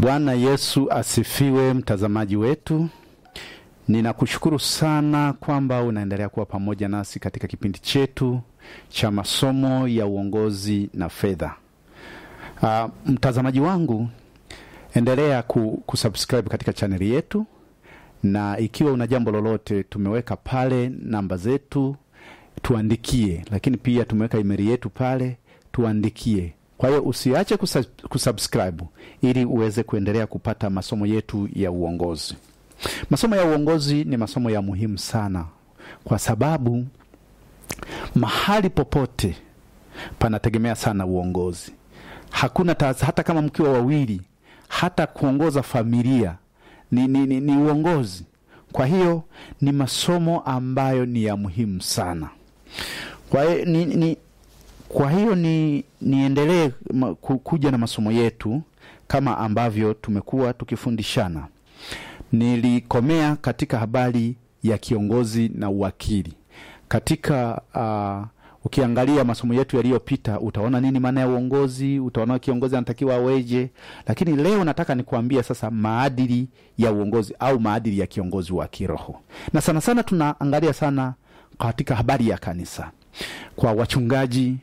Bwana Yesu asifiwe, mtazamaji wetu. Ninakushukuru sana kwamba unaendelea kuwa pamoja nasi katika kipindi chetu cha masomo ya uongozi na fedha. Uh, mtazamaji wangu, endelea kusubscribe katika chaneli yetu, na ikiwa una jambo lolote, tumeweka pale namba zetu, tuandikie. Lakini pia tumeweka imeri yetu pale, tuandikie kwa hiyo usiache kusubscribe ili uweze kuendelea kupata masomo yetu ya uongozi. Masomo ya uongozi ni masomo ya muhimu sana, kwa sababu mahali popote panategemea sana uongozi. Hakuna taasisi, hata kama mkiwa wawili, hata kuongoza familia ni, ni, ni, ni uongozi. Kwa hiyo ni masomo ambayo ni ya muhimu sana. Kwa hiyo ni, ni kwa hiyo ni niendelee kuja na masomo yetu kama ambavyo tumekuwa tukifundishana. Nilikomea katika habari ya kiongozi na uwakili katika uh, ukiangalia masomo yetu yaliyopita utaona nini maana ya uongozi, utaona kiongozi anatakiwa aweje. Lakini leo nataka nikuambia sasa maadili ya uongozi au maadili ya kiongozi wa kiroho, na sana sana tunaangalia sana katika habari ya kanisa kwa wachungaji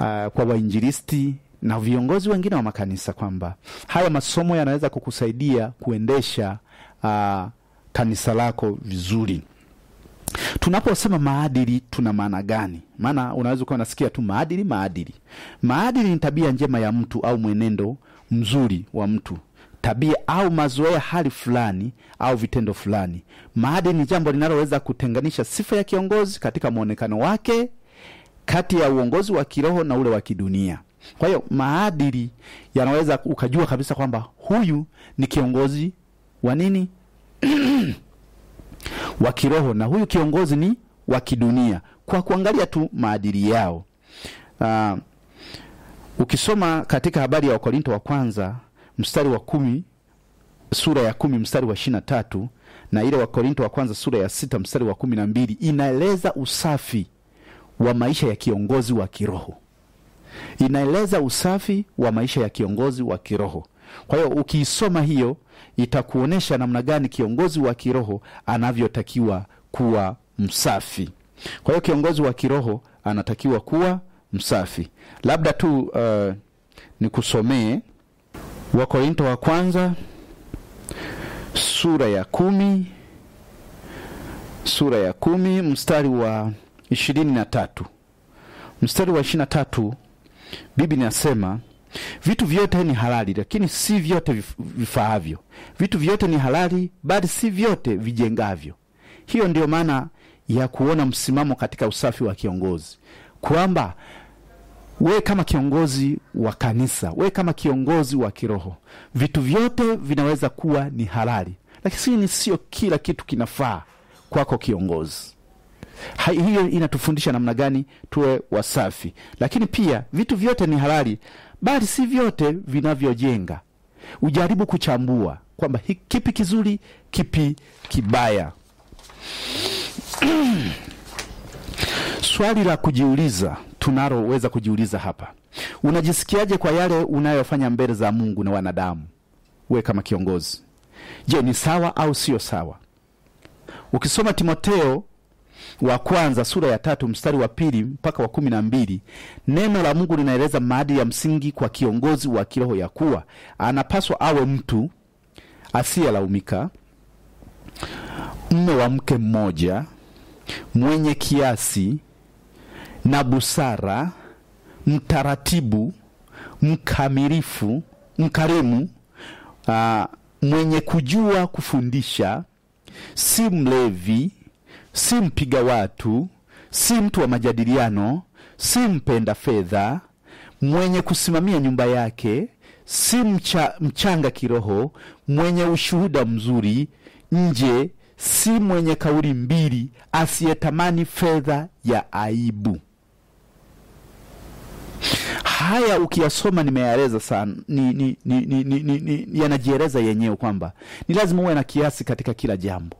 uh, kwa wainjilisti na viongozi wengine wa makanisa kwamba haya masomo yanaweza kukusaidia kuendesha uh, kanisa lako vizuri. Tunaposema maadili tuna maana gani? Maana unaweza ukawa unasikia tu maadili, maadili. Maadili ni tabia njema ya mtu au mwenendo mzuri wa mtu, tabia au mazoea, hali fulani au vitendo fulani. Maadili ni jambo linaloweza kutenganisha sifa ya kiongozi katika mwonekano wake kati ya uongozi wa kiroho na ule wa kidunia. Kwa hiyo maadili yanaweza ukajua kabisa kwamba huyu ni kiongozi wa nini wa kiroho na huyu kiongozi ni wa kidunia kwa kuangalia tu maadili yao. Uh, ukisoma katika habari ya Wakorinto wa kwanza mstari wa kumi sura ya kumi mstari wa ishirini na tatu na ile Wakorinto wa kwanza sura ya sita mstari wa kumi na mbili inaeleza usafi wa maisha ya kiongozi wa kiroho. Inaeleza usafi wa maisha ya kiongozi wa kiroho. Kwa hiyo ukiisoma hiyo itakuonyesha namna gani kiongozi wa kiroho anavyotakiwa kuwa msafi. Kwa hiyo kiongozi wa kiroho anatakiwa kuwa msafi. Labda tu uh, nikusomee Wakorinto wa kwanza sura ya kumi sura ya kumi mstari wa ishirini na tatu mstari wa ishirini na tatu vitu vyote ni halali, lakini si vyote vifaavyo. Vitu vyote ni halali, bali si vyote vijengavyo. Hiyo ndiyo maana ya kuona msimamo katika usafi wa kiongozi, kwamba we kama kiongozi wa kanisa, we kama kiongozi wa kiroho, vitu vyote vinaweza kuwa ni halali, lakini sio kila kitu kinafaa kwako kiongozi. Hiyo inatufundisha namna gani tuwe wasafi. Lakini pia vitu vyote ni halali, bali si vyote vinavyojenga. Ujaribu kuchambua kwamba kipi kizuri, kipi kibaya. Swali la kujiuliza tunaloweza kujiuliza hapa, unajisikiaje kwa yale unayofanya mbele za Mungu na wanadamu? We kama kiongozi, je, ni sawa au sio sawa? Ukisoma Timoteo wa kwanza sura ya tatu mstari wa pili mpaka wa kumi na mbili neno la Mungu linaeleza maadili ya msingi kwa kiongozi wa kiroho ya kuwa anapaswa awe mtu asiyelaumika, mme wa mke mmoja, mwenye kiasi na busara, mtaratibu, mkamilifu, mkarimu, aa, ah, mwenye kujua kufundisha, si mlevi si mpiga watu, si mtu wa majadiliano, si mpenda fedha, mwenye kusimamia nyumba yake, si mcha, mchanga kiroho, mwenye ushuhuda mzuri nje, si mwenye kauli mbili, asiyetamani fedha ya aibu. Haya ukiyasoma nimeyaeleza sana, ni, ni, ni, ni, ni, ni, yanajieleza yenyewe kwamba ni lazima uwe na kiasi katika kila jambo.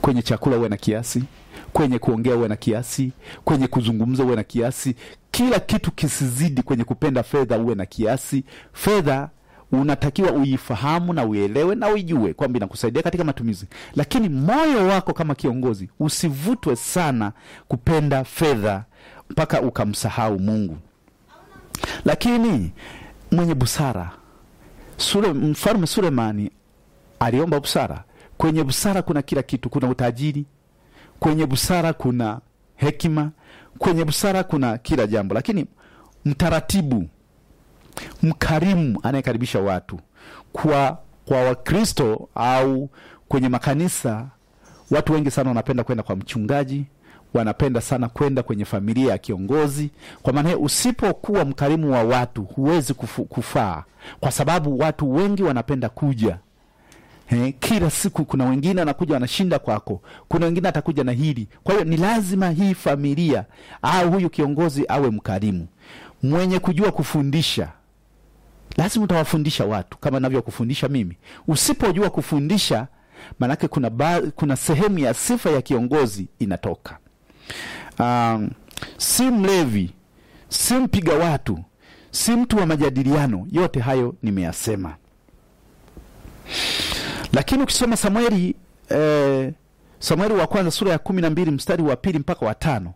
Kwenye chakula uwe na kiasi, kwenye kuongea uwe na kiasi, kwenye kuzungumza uwe na kiasi, kila kitu kisizidi. Kwenye kupenda fedha uwe na kiasi. Fedha unatakiwa uifahamu na uielewe na uijue kwamba inakusaidia katika matumizi, lakini moyo wako kama kiongozi usivutwe sana kupenda fedha mpaka ukamsahau Mungu. Lakini mwenye busara Sule, mfalme Sulemani aliomba busara Kwenye busara kuna kila kitu, kuna utajiri, kwenye busara kuna hekima, kwenye busara kuna kila jambo. Lakini mtaratibu, mkarimu, anayekaribisha watu kwa kwa Wakristo au kwenye makanisa, watu wengi sana wanapenda kwenda kwa mchungaji, wanapenda sana kwenda kwenye familia ya kiongozi. Kwa maana hiyo, usipokuwa mkarimu wa watu huwezi kufaa, kwa sababu watu wengi wanapenda kuja He, eh, kila siku kuna wengine anakuja wanashinda kwako, kuna wengine atakuja na hili. Kwa hiyo ni lazima hii familia au huyu kiongozi awe mkarimu, mwenye kujua kufundisha. Lazima utawafundisha watu kama navyokufundisha mimi. Usipojua kufundisha, maanake kuna, ba, kuna sehemu ya sifa ya kiongozi inatoka. Um, si mlevi, si mpiga watu, si mtu wa majadiliano. Yote hayo nimeyasema. Lakini ukisoma Samueli eh, Samueli wa kwanza sura ya kumi na mbili mstari wa pili mpaka wa tano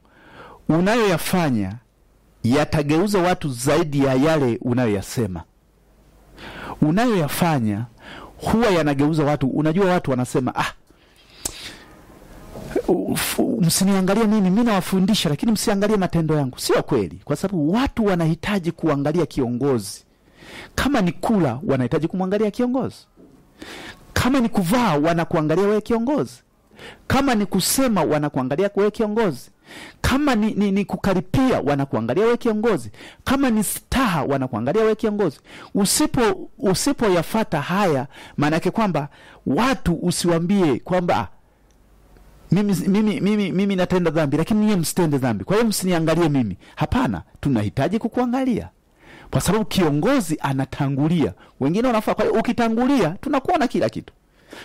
unayoyafanya yatageuza watu zaidi ya yale unayoyasema. Unayoyafanya huwa yanageuza watu. Unajua, watu wanasema ah, msiniangalie mimi, mi nawafundisha, lakini msiangalie matendo yangu. Sio kweli, kwa sababu watu wanahitaji kuangalia kiongozi. Kama ni kula, wanahitaji kumwangalia kiongozi. Kama ni kuvaa wanakuangalia wewe kiongozi, kama ni kusema wanakuangalia wewe kiongozi, kama ni, ni, ni kukaripia wanakuangalia wewe kiongozi, kama ni staha wanakuangalia wewe kiongozi. Usipo usipoyafata haya, maana yake kwamba watu usiwambie kwamba ah, mimi, mimi, mimi, mimi natenda dhambi, lakini niye msitende dhambi, kwa hiyo msiniangalie mimi. Hapana, tunahitaji kukuangalia kwa sababu kiongozi anatangulia, wengine wanafaa. Kwa hiyo ukitangulia, tunakuona kila kitu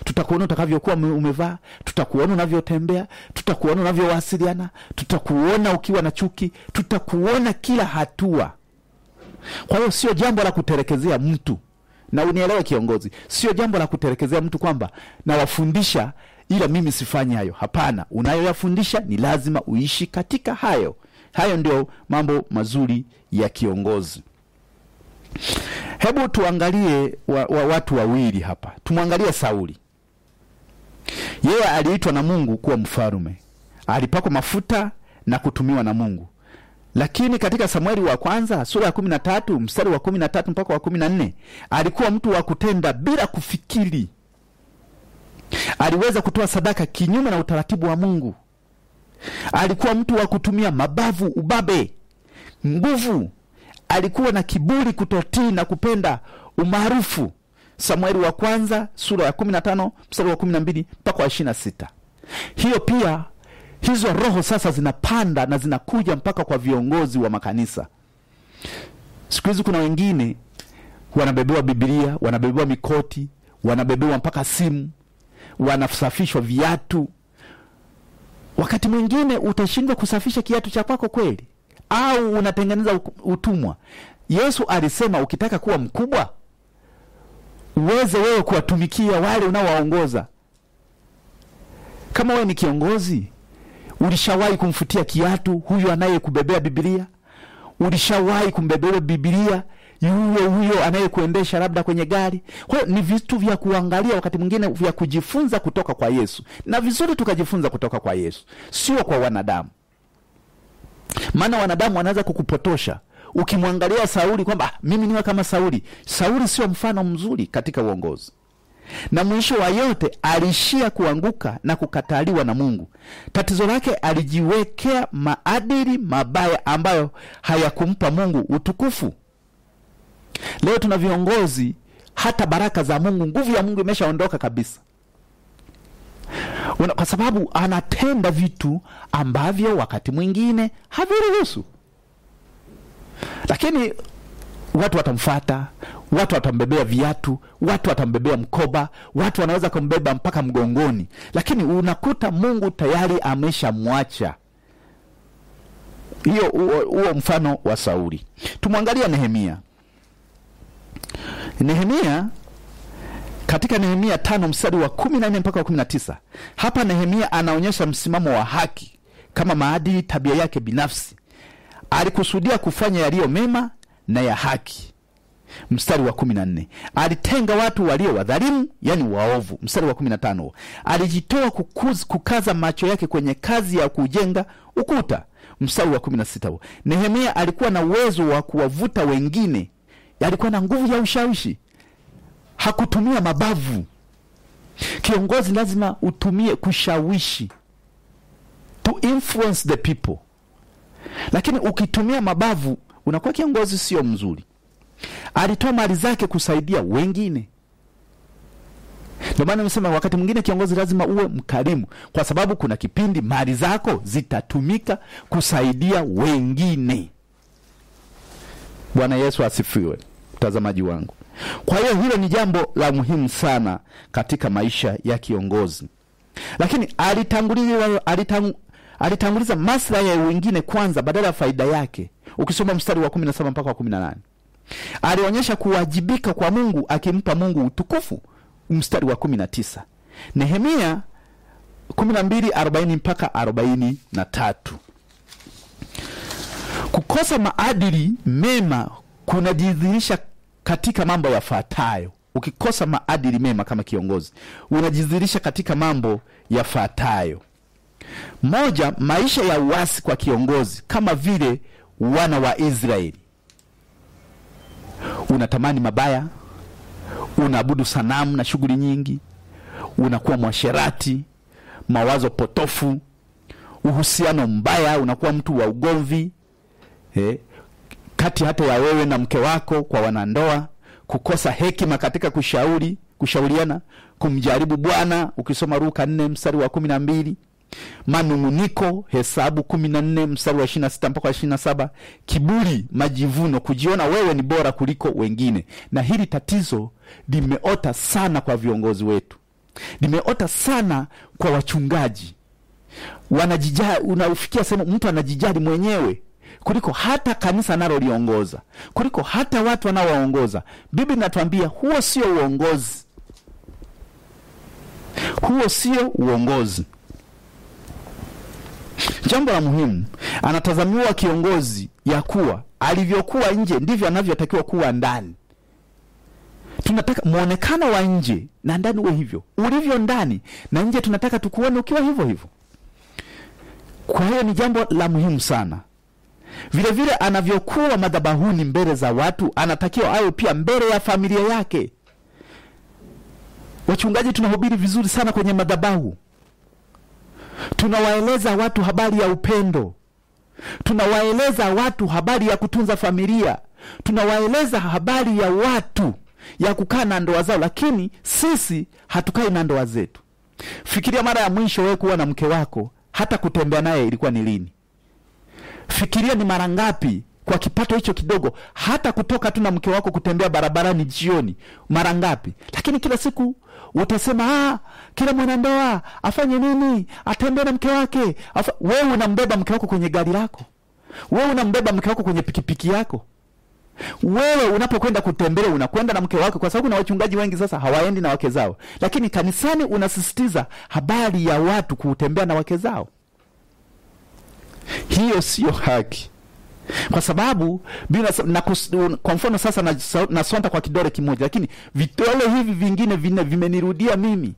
tutakuona utakavyokuwa umevaa, tutakuona unavyotembea, tutakuona unavyowasiliana, tutakuona ukiwa na chuki, tutakuona kila hatua. Kwa hiyo sio jambo la kuterekezea mtu, na unielewe kiongozi, sio jambo la kuterekezea mtu kwamba nawafundisha ila mimi sifanyi hayo. Hapana, unayoyafundisha ni lazima uishi katika hayo. Hayo ndio mambo mazuri ya kiongozi. Hebu tuangalie wa, wa watu wawili hapa. Tumwangalie Sauli. Yeye aliitwa na Mungu kuwa mfalume, alipakwa mafuta na kutumiwa na Mungu, lakini katika Samueli wa kwanza sura ya kumi na tatu mstari wa kumi na tatu mpaka wa kumi na nne alikuwa mtu wa kutenda bila kufikiri. Aliweza kutoa sadaka kinyume na utaratibu wa Mungu. Alikuwa mtu wa kutumia mabavu, ubabe, nguvu alikuwa na kiburi, kutotii na kupenda umaarufu. Samueli wa kwanza sura ya kumi na tano mstari wa kumi na mbili mpaka wa sita Hiyo pia hizo roho sasa zinapanda na zinakuja mpaka kwa viongozi wa makanisa. Siku hizi kuna wengine wanabebewa bibilia wanabebewa mikoti, wanabebewa mpaka simu, wanasafishwa viatu. Wakati mwingine utashindwa kusafisha kiatu cha kwako kweli, au unatengeneza utumwa. Yesu alisema ukitaka kuwa mkubwa uweze wewe kuwatumikia wale unaowaongoza. Kama wewe ni kiongozi, ulishawahi kumfutia kiatu huyo anayekubebea Biblia? Ulishawahi kumbebea Biblia yuyo huyo anayekuendesha labda kwenye gari? Kwa hiyo ni vitu vya kuangalia, wakati mwingine vya kujifunza kutoka kwa Yesu, na vizuri tukajifunza kutoka kwa Yesu, sio kwa wanadamu maana wanadamu wanaweza kukupotosha ukimwangalia Sauli kwamba ah, mimi niwe kama Sauli. Sauli sio mfano mzuri katika uongozi, na mwisho wa yote alishia kuanguka na kukataliwa na Mungu. Tatizo lake alijiwekea maadili mabaya ambayo hayakumpa Mungu utukufu. Leo tuna viongozi, hata baraka za Mungu, nguvu ya Mungu imeshaondoka kabisa una, kwa sababu anatenda vitu ambavyo wakati mwingine haviruhusu, lakini watu watamfata, watu watambebea viatu, watu watambebea mkoba, watu wanaweza kumbeba mpaka mgongoni, lakini unakuta Mungu tayari ameshamwacha. Hiyo huo mfano wa Sauli. Tumwangalia Nehemia. Nehemia katika Nehemia tano mstari wa kumi na nne mpaka wa kumi na tisa. Hapa Nehemia anaonyesha msimamo wa haki kama maadili tabia yake binafsi. Alikusudia kufanya yaliyo mema na ya haki. Mstari wa kumi na nne, alitenga watu walio wadhalimu, yani waovu. Mstari wa kumi na tano, alijitoa kukaza macho yake kwenye kazi ya kujenga ukuta. Mstari wa kumi na sita, Nehemia alikuwa na uwezo wa kuwavuta wengine, alikuwa na nguvu ya ushawishi hakutumia mabavu. Kiongozi lazima utumie kushawishi, to influence the people, lakini ukitumia mabavu unakuwa kiongozi sio mzuri. Alitoa mali zake kusaidia wengine. Ndio maana nimesema wakati mwingine kiongozi lazima uwe mkarimu, kwa sababu kuna kipindi mali zako zitatumika kusaidia wengine. Bwana Yesu asifiwe, mtazamaji wangu. Kwa hiyo hilo ni jambo la muhimu sana katika maisha ya kiongozi, lakini alitanguliza, alitang, alitanguliza maslahi ya wengine kwanza badala ya faida yake. Ukisoma mstari wa 17 mpaka wa 18, alionyesha kuwajibika kwa Mungu akimpa Mungu utukufu. Mstari wa 19 Nehemia 12:40 mpaka na tatu Kukosa maadili mema kunajidhihirisha katika mambo yafuatayo. Ukikosa maadili mema kama kiongozi, unajidhihirisha katika mambo yafuatayo. Moja, maisha ya uasi kwa kiongozi, kama vile wana wa Israeli. Unatamani mabaya, unaabudu sanamu na shughuli nyingi, unakuwa mwasherati, mawazo potofu, uhusiano mbaya, unakuwa mtu wa ugomvi eh, kati hata ya wewe na mke wako, kwa wanandoa, kukosa hekima katika kushauri kushauriana, kumjaribu Bwana, ukisoma ruka nne mstari wa kumi na mbili manung'uniko, Hesabu kumi na nne mstari wa ishirini na sita mpaka ishirini na saba kiburi, majivuno, kujiona wewe ni bora kuliko wengine. Na hili tatizo limeota sana kwa viongozi wetu, limeota sana kwa wachungaji, wanajijaji. Unafikia sehemu mtu anajijali mwenyewe kuliko hata kanisa analoliongoza, kuliko hata watu wanaowaongoza. Biblia inatuambia huo sio uongozi, huo sio uongozi. Jambo la muhimu, anatazamiwa kiongozi ya kuwa alivyokuwa nje ndivyo anavyotakiwa kuwa ndani. Tunataka mwonekano wa nje na ndani uwe hivyo ulivyo ndani na nje, tunataka tukuone ukiwa hivyo hivyo. Kwa hiyo ni jambo la muhimu sana vilevile anavyokuwa madhabahuni mbele za watu, anatakiwa ayo pia mbele ya familia yake. Wachungaji tunahubiri vizuri sana kwenye madhabahu, tunawaeleza watu habari ya upendo, tunawaeleza watu habari ya kutunza familia, tunawaeleza habari ya watu ya kukaa na ndoa zao, lakini sisi hatukai na ndoa zetu. Fikiria mara ya mwisho wewe kuwa na mke wako, hata kutembea naye ilikuwa ni lini? Fikiria ni mara ngapi kwa kipato hicho kidogo, hata kutoka tu na mke wako kutembea barabarani jioni, mara ngapi? Lakini kila siku utasema ah, kila mwanandoa afanye nini? Atembee na mke wake. Wewe unambeba mke wako kwenye gari lako, wewe unambeba mke wako kwenye pikipiki yako. Wewe unapokwenda kutembea unakwenda na mke wake kwa sababu na wachungaji wengi sasa hawaendi na wake zao, lakini kanisani unasisitiza habari ya watu kutembea na wake zao. Hiyo siyo haki, kwa sababu bila na kus, kwa mfano sasa nasonta na kwa kidole kimoja, lakini vidole hivi vingine vine vimenirudia mimi.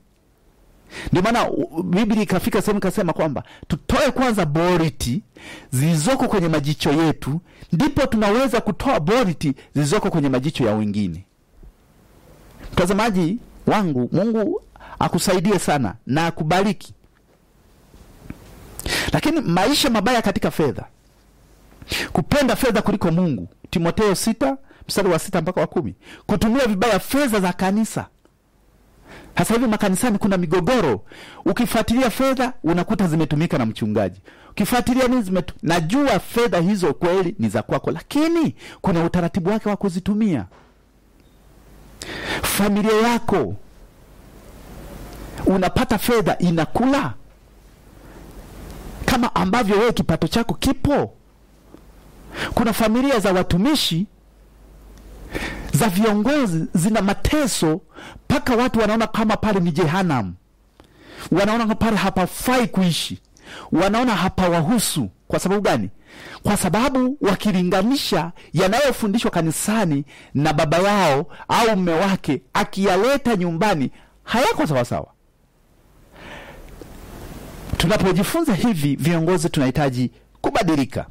Ndio maana Biblia ikafika sehemu ikasema kwamba tutoe kwanza boriti zilizoko kwenye majicho yetu, ndipo tunaweza kutoa boriti zilizoko kwenye majicho ya wengine. Mtazamaji wangu, Mungu akusaidie sana na akubariki. Lakini maisha mabaya katika fedha, kupenda fedha kuliko Mungu, Timotheo sita mstari wa sita mpaka wa kumi. Kutumia vibaya fedha za kanisa. Hasa hivi makanisani kuna migogoro, ukifuatilia fedha unakuta zimetumika na mchungaji, ukifuatilia nini zimetu... najua fedha hizo kweli ni za kwako, lakini kuna utaratibu wake wa kuzitumia. Familia yako unapata fedha inakula kama ambavyo wewe kipato chako kipo. Kuna familia za watumishi za viongozi zina mateso mpaka watu wanaona kama pale ni jehanamu, wanaona pale hapafai kuishi, wanaona hapawahusu. Kwa sababu gani? Kwa sababu wakilinganisha yanayofundishwa kanisani na baba yao au mume wake akiyaleta nyumbani hayako sawasawa. Tunapojifunza hivi, viongozi tunahitaji kubadilika,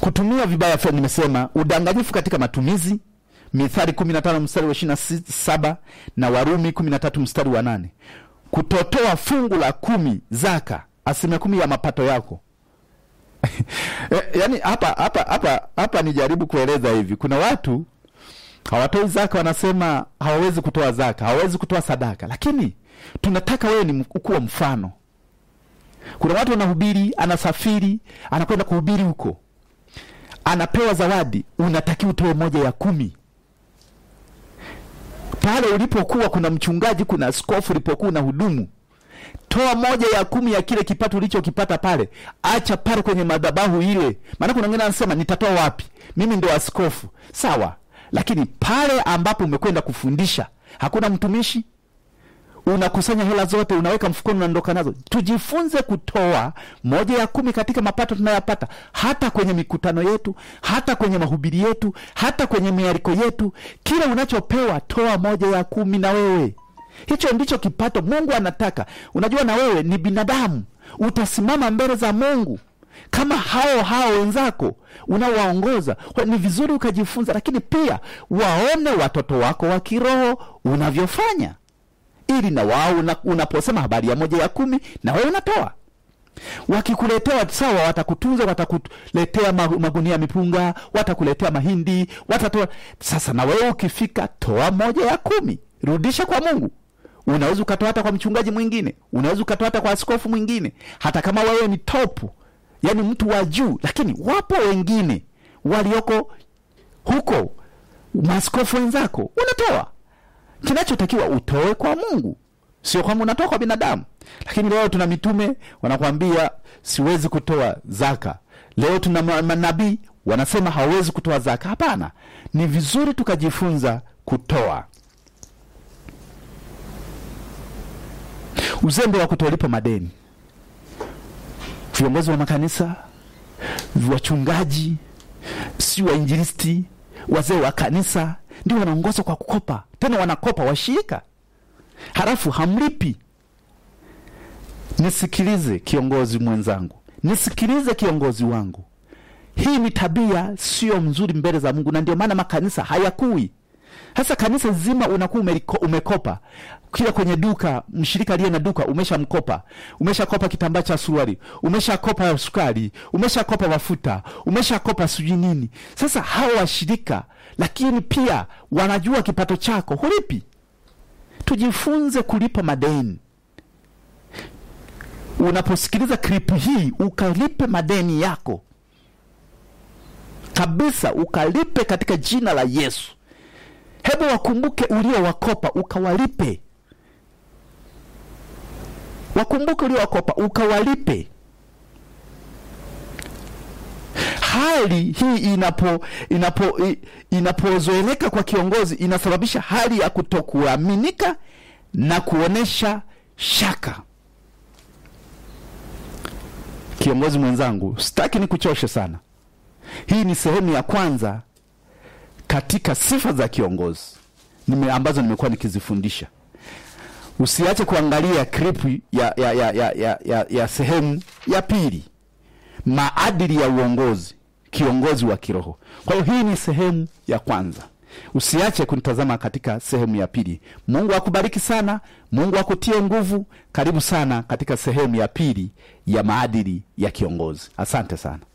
kutumia vibaya fedha. Nimesema udanganyifu katika matumizi, Mithali 15 mstari wa 27 na Warumi 13 mstari wa nane. Kutotoa fungu la kumi zaka, asilimia kumi ya mapato yako yaani hapa hapa hapa hapa nijaribu kueleza hivi, kuna watu hawatoi zaka, wanasema hawawezi kutoa zaka, hawawezi kutoa sadaka, lakini tunataka wewe ni ukuwa mfano. Kuna watu wanahubiri, anasafiri, anakwenda kuhubiri huko, anapewa zawadi, unatakiwa utoe moja ya kumi pale ulipokuwa kuna mchungaji, kuna skofu ulipokuwa na hudumu, toa moja ya kumi ya kile kipato ulichokipata pale, acha pale kwenye madhabahu ile. Maana kuna wengine anasema nitatoa wapi? Mimi ndio askofu. Sawa, lakini pale ambapo umekwenda kufundisha hakuna mtumishi, unakusanya hela zote, unaweka mfukoni, unaondoka nazo. Tujifunze kutoa moja ya kumi katika mapato tunayopata, hata kwenye mikutano yetu, hata kwenye mahubiri yetu, hata kwenye miariko yetu. Kila unachopewa toa moja ya kumi na wewe hicho ndicho kipato Mungu anataka. Unajua, na wewe ni binadamu, utasimama mbele za Mungu kama hao hao wenzako unaowaongoza Ni vizuri ukajifunza, lakini pia waone watoto wako wa kiroho unavyofanya, ili na wao unaposema habari ya moja ya kumi na wewe unatoa. Wakikuletea sawa, watakutunza, watakuletea magunia mipunga, watakuletea mahindi, watatoa. Sasa na wewe ukifika, toa moja ya kumi, rudisha kwa Mungu. Unaweza ukatoa hata kwa mchungaji mwingine, unaweza ukatoa hata kwa askofu mwingine, hata kama wewe ni topu yani mtu wa juu, lakini wapo wengine walioko huko, maskofu wenzako, unatoa kinachotakiwa utoe kwa Mungu, sio kwamba unatoa kwa binadamu. Lakini leo tuna mitume wanakwambia siwezi kutoa zaka, leo tuna manabii wanasema hawezi kutoa zaka. Hapana, ni vizuri tukajifunza kutoa. Uzembe wa kutolipa madeni viongozi wa makanisa, wachungaji, si wainjilisti, wazee wa kanisa ndio wanaongoza kwa kukopa, tena wanakopa washirika, halafu hamlipi. Nisikilize kiongozi mwenzangu, nisikilize kiongozi wangu. Hii ni tabia siyo mzuri mbele za Mungu, na ndio maana makanisa hayakui. Sasa kanisa zima unakuwa umekopa kila kwenye duka, mshirika aliye na duka umeshamkopa, umeshakopa kitambaa cha suruali, umeshakopa sukari, umeshakopa mafuta, umeshakopa sijui nini. Sasa hao washirika, lakini pia wanajua kipato chako hulipi. Tujifunze kulipa madeni. Unaposikiliza kripu hii, ukalipe madeni yako kabisa, ukalipe katika jina la Yesu hebu wakumbuke uliowakopa ukawalipe, wakumbuke uliowakopa ukawalipe. Hali hii inapo inapo inapozoeleka kwa kiongozi inasababisha hali ya kutokuaminika na kuonesha shaka. Kiongozi mwenzangu, sitaki nikuchoshe sana. Hii ni sehemu ya kwanza katika sifa za kiongozi nime, ambazo nimekuwa nikizifundisha. Usiache kuangalia clip ya, ya, ya, ya, ya, ya, ya sehemu ya pili, maadili ya uongozi, kiongozi wa kiroho. Kwa hiyo hii ni sehemu ya kwanza. Usiache kunitazama katika sehemu ya pili. Mungu akubariki sana, Mungu akutie nguvu. Karibu sana katika sehemu ya pili ya maadili ya kiongozi. Asante sana.